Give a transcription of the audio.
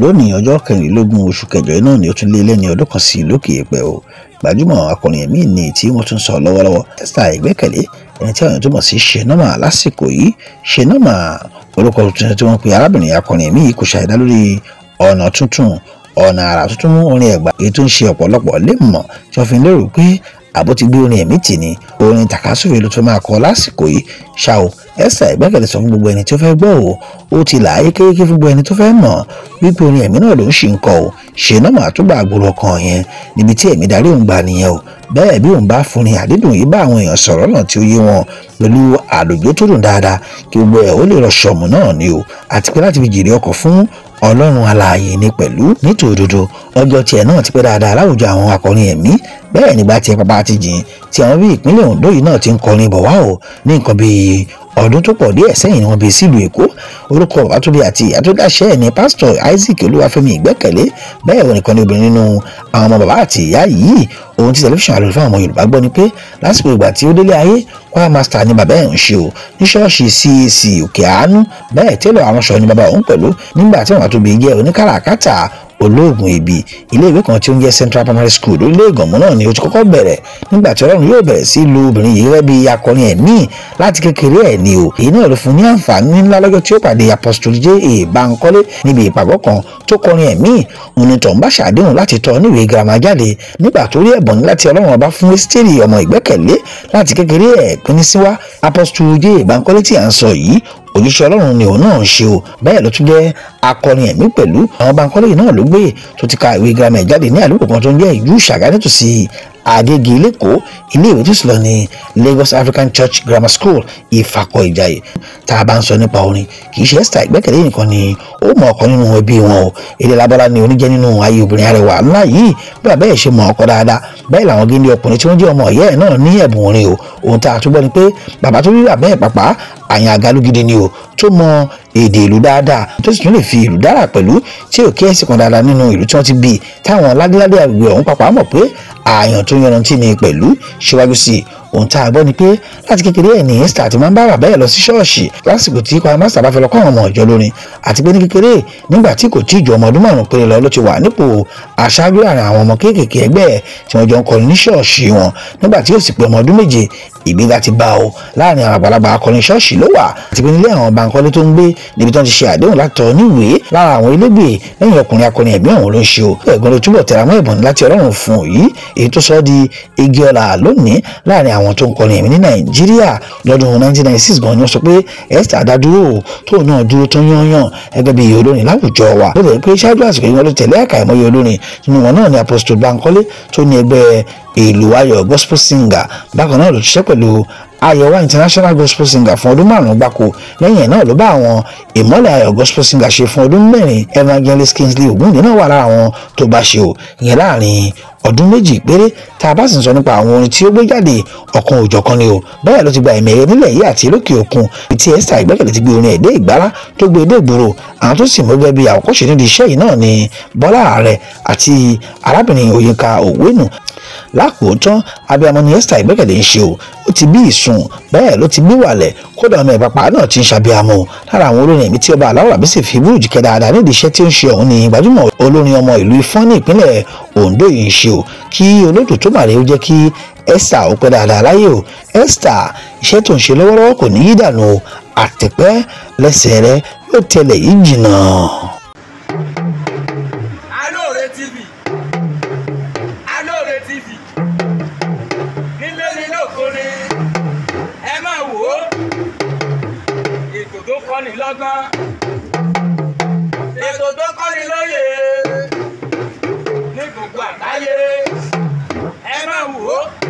lónìí ọjọ́ kẹrìnlélógún oṣù kẹjọ náà ni ó tún lé lẹ́ni ọdún kan sí lókè èèpẹ̀ o gbajúmọ̀ akọrin ẹ̀mí ni tí wọ́n tún sọ lọ́wọ́lọ́wọ́ Esther Ìgbẹ́kẹ̀lé ẹni tí àwọn túmọ̀ sí Shenoma lásìkò yìí Shenoma orúkọ tuntun tí wọ́n pe arábìnrin akọrin ẹ̀mí yìí kò ṣàìdá lórí ọ̀nà tuntun ọ̀nà àrà tuntun orin ẹ̀gbà èyí tó ń ṣe ọ̀pọ̀lọpọ̀ lè mọ̀ tí wọ́n fi lérò pé àbó ti gbé orin ẹ̀mí tì ní orin tàkásùfè ló tún máa kọ lásìkò yìí ṣá o Esther Ìgbẹ́kẹ̀lé sọ fún gbogbo ẹni tó fẹ́ gbọ́ o ó ti là áyé kéékèé fún gbogbo ẹni tó fẹ́ mọ̀ wípé orin ẹ̀mí náà ló ń ṣì ń kọ o ṣe náà màá tún gba àgbòrò ọkàn yẹn níbi tí ẹ̀mí darí òun gbà nìyẹn o bẹ́ẹ̀ bí òun bá fúnni àdídùn yìí bá àwọn èèyàn sọ̀rọ̀ náà tí ó yé wọn pẹ̀lú àlòjó tó dùn dáadáa kí gbogbo ẹ̀ ó lè rọ ṣọ̀mù náà ni o àti pé láti fi jèrè ọkọ̀ fún ọlọ́run alààyè ni pẹ̀lú nítò òdodo ọjọ́ tiẹ̀ náà ti pẹ́ dáadáa láwùjọ àwọn akọrin ẹ̀mí bẹ́ẹ̀ nígbà tí pápá ti jìn tí àwọn bíi ìpínlẹ̀ Ondo yìí náà ti ń kọrin bọ̀ wá o ní nǹkan bíi ọdún tó pọ̀ díẹ̀ sẹ́yìn ni wọ́n bí sílùú èkó orúkọ babatunde àti ìyá tó dáṣẹ́ ẹ̀ ní pásítọ̀ isaac olúwàfẹ́mi ìgbẹ́kẹ̀lé bẹ́ẹ̀ wọn nìkan ni obìnrin nínú àwọn ọmọ bàbá àti ìyá yìí ohun tí tẹlifíṣàn àlọ́ fún àwọn yorùbá gbọ́ ni pé lásìkò ìgbà tí ó délé ayé choir master ni bàbá ẹ̀ ń ṣe o ní ṣọ́ọ̀ṣì cac òkè àánú bẹ́ẹ̀ tẹ́lọ̀ àwọn ṣọ ni bàbá òun pẹ̀lú nígbà tí àwọn àtòbí jẹ́ oníkàràkátà olóògùn ibi iléèwé kan tí ó ń jẹ́ Central Primary School lórílẹ̀ Ìgànmú náà ni ó ti kọ́kọ́ bẹ̀rẹ̀ nígbà tí Ọlọ́run yóò bẹ̀rẹ̀ sí lu obìnrin yìí rẹ́ bí akọrin ẹ̀mí láti kékeré ẹ̀ ni o èyí náà ló fún ní àǹfààní ńlá lọ́jọ́ tí ó pàdé Apostle J A Bankole níbi ìpàgọ́ kan tó kọrin ẹ̀mí onítọ̀ ń bá ṣàdéhùn láti tọ́ níwèé girama jáde nígbà tó rí ẹ̀bùn láti Ọlọ́run ọba fún Ẹ́sítérì ọmọ ìgbẹ́kẹ̀lé láti kékeré ẹ̀ pínísíwá Apostle J A Bankole tí à ń sọ yìí òjíṣẹ́ ọlọ́run ni òun náà ń ṣe o bẹ́ẹ̀ ló tún jẹ́ akọrin ẹ̀mí pẹ̀lú àwọn Bankole náà ló gbé tó ti ka ìwé girama ẹ̀ jáde ní àlùkò kan tó ń jẹ́ ìjú Ṣàgá nítòsí Agége lẹ́kọ̀ọ́ iléèwé tó sì lọ ní Lagos African Church Grammar School Ìfàkọ̀ Ìjàyè tá a bá ń sọ nípa orin kì í ṣe Esther Ìgbẹ́kẹ̀lé nìkan ni ó mọ ọkọ nínú ẹbí wọn o èdè Lábọ́lá ni oníjẹ́ nínú ayé obìnrin arẹwà ńlá yìí bí bàbá ẹ̀ ṣe mọ ọkọ dáadáa bẹ́ẹ̀ làwọn géńdé ọkùnrin tí wọ́n jẹ́ ọmọ ọ̀yẹ́ ẹ̀ náà ní ẹ̀bùn orin o ohun tá a tún gbọ́ ni pé bàbá tó rí bàbá ẹ̀ pàpà àyàngalú gidi ni o tó mọ èdè ìlú dáadáa tó sì tún lè fi ìlú dára pẹ̀lú tí ò kí ẹ̀sìn kan dáadáa nínú ìlú tí wọ́n ti bí i táwọn ládéládé àgbègbè ọ̀hún pàpà mọ̀ pé àyàn tó yanrantí ni pẹ̀lú síwájú sí i ohun tá a gbọ́ ni pé láti kékeré ẹ̀ ní Esther ti máa ń bá bàbá ẹ̀ lọ sí ṣọ́ọ̀ṣì lásìkò tí Choir Master bá fẹ́ lọ kọ́ àwọn ọmọ ìjọ lórin àti pé ní kékeré nígbà tí kò tí ì ju ọmọ ọdún márùn-ún péré lọ ló ti wà nípò aṣáájú láàrin àwọn ọmọ kéékèèké ẹgbẹ́ ẹ̀ tí wọ́n jọ ń kọrin ní ṣọ́ọ̀ṣì wọn nígbà tí ó sì pé ọmọ ọdún méje ìgbéga ti bá o láàrin àwọn àgbàlagbà akọrin ṣọ́ọ̀ṣì ló wà àti pé nílé àwọn Bankole tó ń gbé níbi tí wọ́n ti ṣe àdéhùn láti tọ́ níwèé lára àwọn ilégbè lẹ́yìn ọkùnrin akọrin ẹ̀mí ọ̀hún ló ń ṣe o ẹ̀gbọ́n ló túbọ̀ tẹramọ́ ẹ̀bùn láti Ọlọ́run fún òyí èyí tó sọ di igi ọlà lónìí láàrin àwọn àwọn tó ń kọrin ẹ̀mí ní nàìjíríà lọ́dún 1996 gan ni wọ́n sọ pé esther adaduro tóun náà dúró tán yányàn gẹ́gẹ́ bí olórin láwùjọ wa bó bẹ̀rẹ̀ pé ṣáájú àsìkò yìí wọ́n ló tẹ̀lé àkà ìmọ̀ye olórin nínú wọn náà ni apostle bankole tó ní ẹgbẹ́ ìlú ayọ̀ gospel singer bákan náà ló ṣiṣẹ́ pẹ̀lú ayọ̀wá international gospel singer fún ọdún márùn-ún gbáko lẹ́yìn ẹ̀ náà ló bá àwọn ìmọ́lẹ̀ ayọ̀ gospel singer ṣe fún ọdún mẹ́rin evangelist kingsley ogunde náà wà lára àwọn tó bá ṣe o ìyẹn láàrin ọdún méjì péré tá a bá sì ń sọ nípa àwọn orin tí ó gbé jáde ọ̀kan òjọ̀kan ni o báyà ló ti gba ẹ̀mí ẹ̀yẹ nílẹ̀ yìí àti lókè òkun tí Esther Ìgbẹ́kẹ̀lé ti gbé orin ẹ̀dẹ́ ìgbára tó gbé dé ìgboro àwọn tó sì mú gẹ́gẹ́ bí àwòkọ́ṣe nídìí iṣẹ́ yìí náà ni Bọ́lá Ààrẹ àti arábìnrin Òyìnká Ògbénu lákòótán abiyamọ ni Esther Ìgbẹ́kẹ̀lé ń ṣe o ó ti bí ìsun bẹ́ẹ̀ ló ti bí wàlẹ̀ kódà ọmọ ìpapà náà ti ń ṣàbíamọ lára àwọn olórin ẹ̀mí tí ọba aláwọ̀ àbí sì fi búrújì kẹ́ dáadáa nídìí iṣẹ́ tí ó ń ṣe ọ̀hún ni gbajúmọ̀ olórin ọmọ ìlú Ifọ̀n ní ìpínlẹ̀ Ondo yìí ń ṣe o kí olódò tó màrè ó jẹ́ kí Esther ó pẹ́ dáadáa láyé o Esther iṣẹ́ tó ń ṣe lọ́wọ́lọ́wọ́ kò ní yí dànù àtẹ̀pẹ́ lẹ́sẹ̀ rẹ yóò tẹ̀lé yìí jìnnà. Alore TV ètò tó kọ́ni lọ́gbọ́n ètò tó kọ́ni lóye ní gbogbo àgbáyé ẹ máa wò ó.